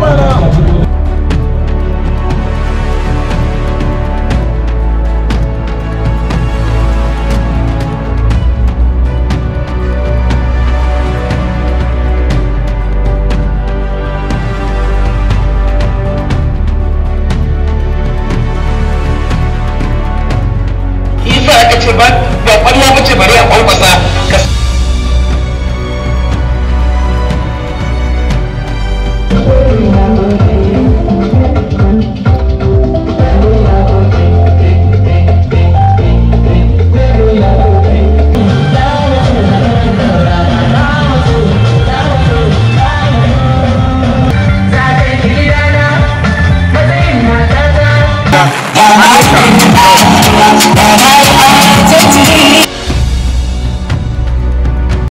पड़ा ce ba ba fariya ba ce bari a kwalba Bye-bye.